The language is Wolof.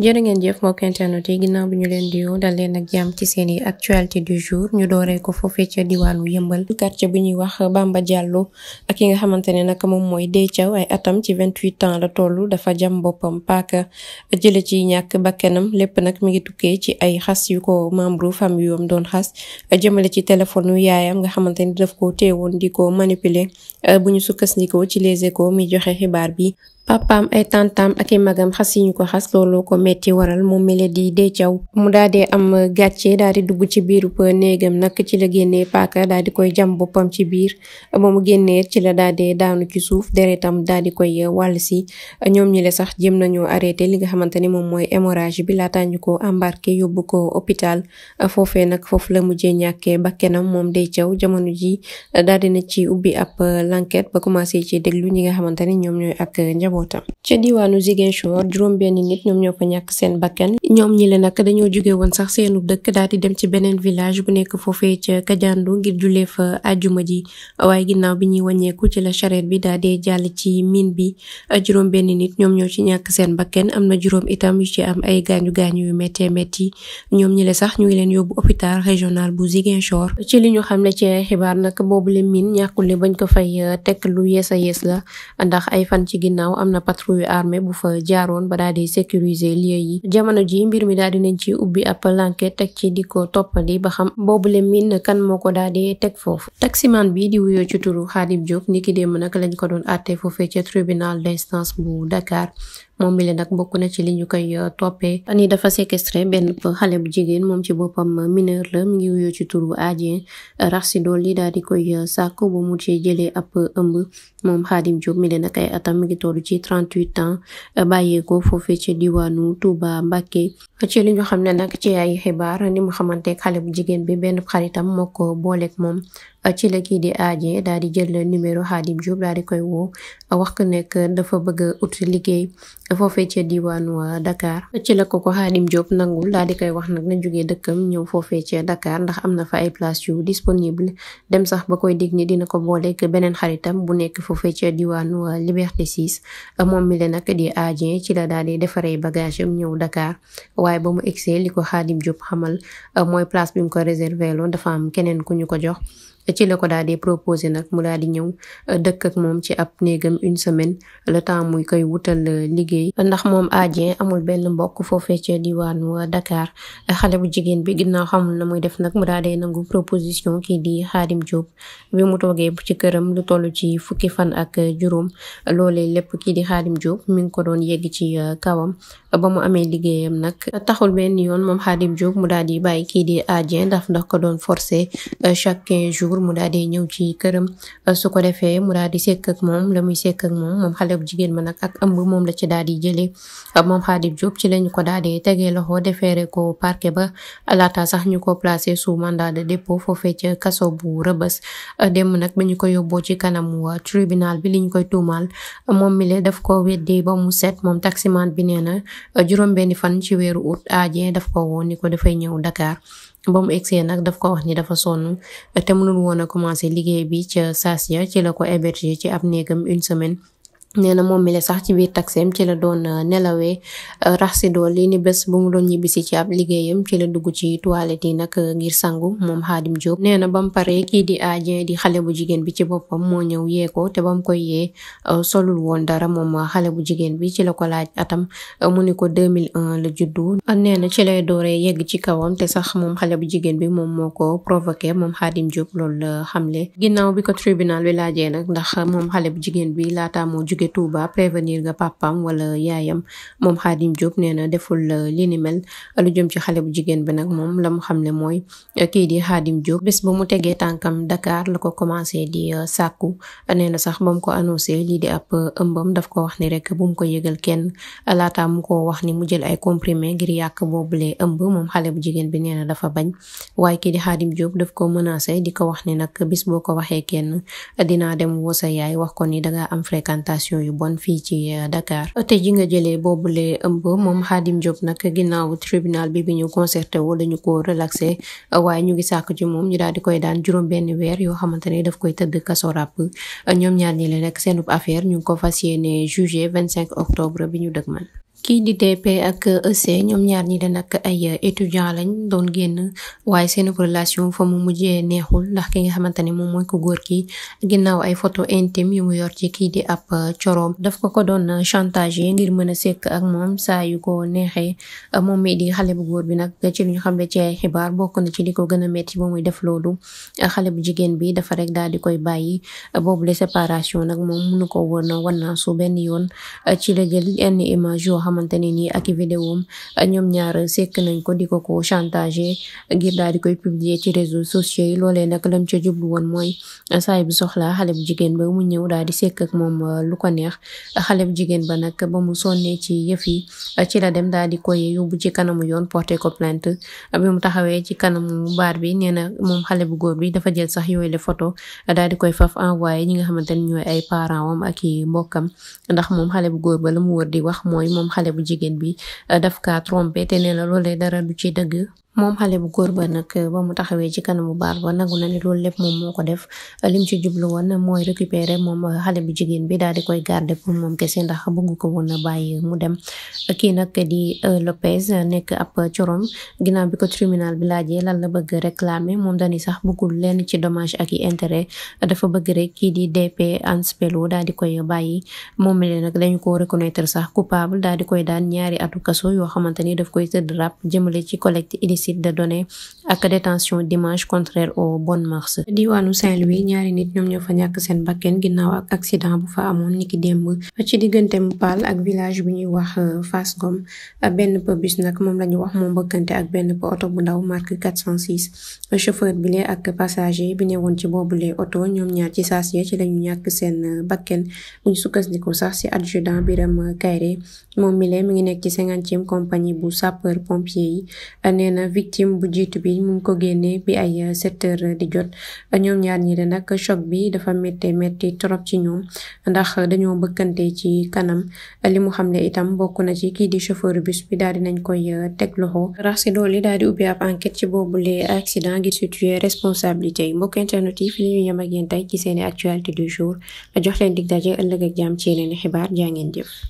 jërë ngeen jëf mbokk internet yi ginnaaw bi ñu leen di yoo dal leen ak ci seen i actualité du jour ñu dooree ko foofee ca diwaanu yëmbal quartier bu ñuy wax Bamba Diallo ak yi nga xamante ne nag moom mooy Deye Thiaw ay atam ci 28 ans la toll dafa jam boppam paaka jële ci ñàkk bakkanam lépp nag mi ngi tukkee ci ay xas yu ko membre famille yom doon xas jëmale ci téléphone yaayam nga xamante ni daf ko teewoon di ko manipuler bu ñu sukkandikoo ci les échos mi joxe xibaar bi papaam ay tantaam ak i magam xas yi ñu ko xas looloo ko metti waral moom mele di dee caw mu daal di am gàcce daal di dugg ci biirub néegam nag ci la génnee paaka daal di koy jam boppam ci biir ba mu génnee ci la daal di daanu ci suuf deretam daal di koy wàll si ñoom ñi le sax jëm nañoo arrêté li nga xamante ni moom mooy hémorragie bi laata ñu ko embarqué yóbbu ko hôpital foofee nag foofu la mujjee ñàkkee bakkenam moom dee caw jamono ji daal dina ci ubbi ab l'enquête ba njabootam ca diwaanu Ziguinchor juróom benn nit ñoom ñoo fa ñàkk seen bakkan ñoom ñi le nag dañoo jóge woon sax seenu dëkk daal di dem ci beneen village bu nekk foofee ca Kajandu ngir jullee fa ji waaye ginnaaw bi ñuy wàññeeku ci la charrette bi daal di jàll ci mine bi juróom benn nit ñoom ñoo ci ñàkk seen bakkan am na juróom itam yu ci am ay gaañu gaañu yu méttee métti ñoom ñi le sax ñu ngi leen yóbbu hôpital régional bu Ziguinchor ci li ñu xam ne ci xibaar nag boobu le mine ñàkkul bañ ko fay teg lu yees a yees la ndax ay fan ci ginnaaw am na patrouille armée bu fa jaaroon ba daal di sécuriser lieu yi jamono ji mbir mi daal di nañ ci ubbi ab enquête teg ci di ko toppandi ba xam boobule min kan moo ko daal di teg foofu taximan bi di wuyoo ci turu Khadim Diop niki démb nag lañ ko doon àtte foofee ca tribunal d'instance bu Dakar moom mi le nag bokk na ci li ñu koy euh, toppee ni dafa séquestré benn xale bu jigéen moom ci boppam mineur la mi ngi wuyoo ci turu Adien rax si dool li daal di koy euh, sàkk ba mu ci jëlee ab euh, ëmb moom Xaadim Diop mi le nag ay atam mi ngi tollu ci 38 bàyyeekoo foofee ci diwaanu Touba Mbacké ci li ñu xam ne nag ci ay xibaar ni mu xamante xale bu jigéen bi benn xaritam moo ko booleeg moom ci la kii di Adien daal di jël numéro Xaadim Diop daal di koy woo wax ko nekk dafa bëgg a ut liggéey foofee ca diwaanu Dakar ci la ko ko Khadim Diop nangul daal di koy wax nag na jógee dëkkam ñëw foofee ca Dakar ndax am na fa ay place yu disponible dem sax ba koy dégg ni dina ko booleeg beneen xaritam bu nekk foofee ca diwaanu Liberté 6 moom mi le nag di Adien ci la daal di defaree bagage am ñëw Dakar waaye ba mu egsee li ko Khadim Diop xamal mooy place bi mu ko réservé loon dafa am keneen ku ñu ko jox ci la ko daal di proposé nag mu daal di ñëw dëkk moom ci ab néegam une semaine temps muy koy wutal liggéey liggéey ndax moom Adien amul benn mbokk foofee ca diwaanu Dakar xale bu jigéen bi ginnaaw xamul na muy def nag mu daadee nangu proposition kii di Xaadim Diop bi mu toogee ci këram lu toll ci fukki fan ak juróom loolee lépp kii di Xaadim Diop mi ngi ko doon yegg ci uh, kawam ba mu amee liggéeyam nag taxul benn yoon moom Xaadim Diop mu daal di bàyyi kii di Adien daf ndax ko doon forcé uh, chaque quinze jours mu daal di ñëw ci këram uh, su ko defee mu daal di moom la muy sekk moom moom xale bu jigéen ma nag ak ëmb moom la ci daal di jëli moom Khadib Diop ci lañu ko daal di tegee loxo defeere ko parquet ba laata sax ñu ko placé sous da de dépôt foofee ca kaso bu rëbës dem nag ba ñu ko yobboo ci kanamu tribunal bi liñ koy tuumaal moom mi mile daf ko weddi ba mu set moom taximan bi nee na juróom benni fan ci weeru ut aajee daf ko woon ni ko dafay ñëw dakaar ba mu egsee nag daf ko wax ni dafa sonn te mënul woon a commencé liggéey bi ca saas ya ci la ko héberger néegam une semaine nee na moom mi la sax ci biir taxem ci la doon euh, nelawee euh, rax si dool li ni bés ba mu doon ñibbisi ci ab liggéeyam ci la dugg ci toilette yi nag euh, ngir sangu moom xaadim Diop nee na ba mu paree kii di Adien di xale bu jigéen bi ci boppam moo ñëw yee ko te ba mu koy yee solul woon dara moom xale bu jigéen bi ci la ko laaj atam mu ni ko 2001 la juddu nee na ci dooree yegg ci kawam te sax moom xale bu jigéen bi moom moo ko provoqué moom Khadim Diop loolu la xamle ginnaaw bi ko tribunal bi laajee nag ndax moom xale bu jigéen bi laataa moo jug jóge Touba prévenir nga papam wala yaayam moom Khadim Diop nee na deful euh, li ni mel lu jëm ci xale bu jigéen bi nag moom la mu xam ne mooy euh, kii di Khadim Diop bés ba mu tegee tànkam Dakar la ko commencé di euh, sàkku nee na sax ba ko annoncé lii di ab ëmbam daf ko wax ni rek bu mu ko yëgal kenn laata mu ko wax ni mu jël ay comprimé ngir yàq boobule ëmb moom xale bu jigéen bi nee na dafa bañ waaye kii di Khadim daf ko menacé di ko wax ni nak bis boo ko waxee kenn dinaa dem woo yaay wax ko ni dangaa am fréquentation condition yu bon fii ci euh, Dakar te ji nga jëlee boobule ëmb moom Khadim Diop nag ginnaaw tribunal bi bi ñu concerté woo dañu ko relaxé waaye ñu ngi sàkk ci moom ñu daal di koy daan juróom benni weer yoo xamante ne daf koy tëdd kaso ràpp ñoom ñaar ñi le rek seenub affaire ñu ngi ko fas yéene jugé 25 octobre bi ñu man kii di DP ak EC ñoom ñaar ñi de nag ay étudiant lañ doon génn waaye seen relation fa mu mujjee neexul ndax ki nga xamante ne moom mooy ko góor ki ginnaaw ay photo intime yu mu yor ci kii di ab euh, coroom daf ko ko doon euh, chantage ngir mën a sekk ak moom saa yu ko neexee euh, moom mi di xale bu góor bi nag ci lu ñu xam ne ci ay xibaar bokk na ci li ko gën a metti ba muy def loolu xale bu jigéen bi dafa rek daal di koy bàyyi boobu la séparation nag moom mënu ko woon wannaasu benn yoon xamante ne nii ak vidéom ñoom ñaar sekk nañ ko di ko ko chantage ngir daal di koy publier ci réseaux sociaux yi loolee nag lam ca jublu woon mooy saay bu soxlaa xale bu jigéen ba mu ñëw daal di sekk ak moom euh, lu ko neex xale bu jigéen ba nag ba mu sonnee ci yëf yi euh, ci la dem daal di koy yóbbu ci kanamu yoon porté ko plainte bi mu taxawee ci kanamu baar bi nee na moom xale bu góor bi dafa jël sax yooy le photo daal di koy faf envoyé ñi nga xamante ñooy ay parents am ak i mbokkam ndax moom xale bu góor ba la xale bu jigéen bi daf kaa trompé te nee na loolee dara du ci dëgg moom xale bu góor ba nag ba mu taxawee ci kanamu baar ba nangu na ni loolu lépp moom moo ko def lim ci jublu woon mooy récupérer moom xale bu jigéen bi daal di koy garder pour moom kese ndax ko woon a bàyyi mu dem kii nag di euh, Lopez nekk ab corom ginnaaw bi ko tribunal bi laajee lan la bëgg réclamer moom dani sax bëggul lenn ci dommage ak i intérêt dafa bëgg rek kii di DP Anspelo daal di koy bàyyi moom mi nag dañu ko reconnaître sax coupable daal di koy daan ñaari atu yoo xamante ni daf koy tëdd rap jëmale ci collecte illicite illicite de données ak détention d'images contraires aux bonnes mœurs. diwaanu Saint-Louis ñaari nit ñoom ñoo fa ñàkk seen bakken ginnaaw ak accident bu fa amoon niki démb ci diggante Mpal ak village bi wax euh, Fass Ngom benn po bus moom la ñu wax moo mbëkkante ak benn po oto bu ndaw marque 406 chauffeur bi lee ak bi newoon ci boobule oto ñoom ñaar ci saa si ci lañu ñàkk seen euh, bakken bu ñu sukkandiku sax si adjudant Biram Kayre moom mi lee mi ngi nekk ci cinquantième compagnie bu sapeur pompier yi nee victime bu jiitu bi mu ngi ko génnee bi ay sept heures di jot ñoom ñaar ñi de nag choc bi dafa métti métti trop ci ñoom ndax dañoo bëkkante ci kanam li mu xam ne itam bokk na ci kii di chauffeur bus bi daal di nañ koy euh, teg loxo rax si dool yi daal di ubbi ab enquête ci boobule accident ngir situer responsabilité yi mbokk internet yi fi li ñu yem ak yéen tey ci seeni actualité du jour jox leen dig daje ëllëg ak jàmm ci yeneen xibaar jaa ngeen jëf